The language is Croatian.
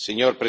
señor presidente